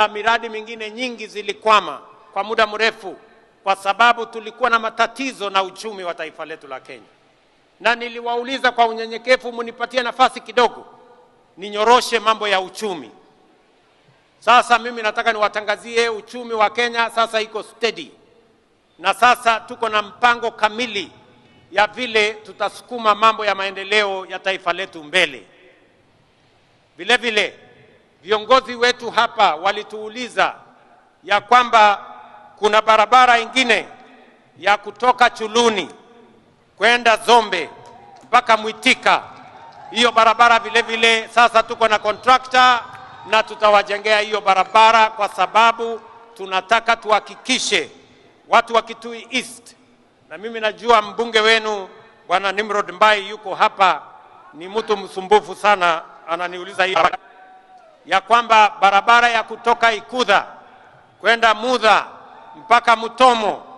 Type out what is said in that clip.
na miradi mingine nyingi zilikwama kwa muda mrefu, kwa sababu tulikuwa na matatizo na uchumi wa taifa letu la Kenya. Na niliwauliza kwa unyenyekevu, munipatie nafasi kidogo ninyoroshe mambo ya uchumi. Sasa mimi nataka niwatangazie uchumi wa Kenya sasa iko steady, na sasa tuko na mpango kamili ya vile tutasukuma mambo ya maendeleo ya taifa letu mbele. Vilevile Viongozi wetu hapa walituuliza ya kwamba kuna barabara ingine ya kutoka Chuluni kwenda Zombe mpaka Mwitika. Hiyo barabara vile vile sasa tuko na kontrakta na tutawajengea hiyo barabara, kwa sababu tunataka tuhakikishe watu wa Kitui East, na mimi najua mbunge wenu Bwana Nimrod Mbai yuko hapa, ni mtu msumbufu sana, ananiuliza hiyo ya kwamba barabara ya kutoka Ikudha kwenda Mudha mpaka Mutomo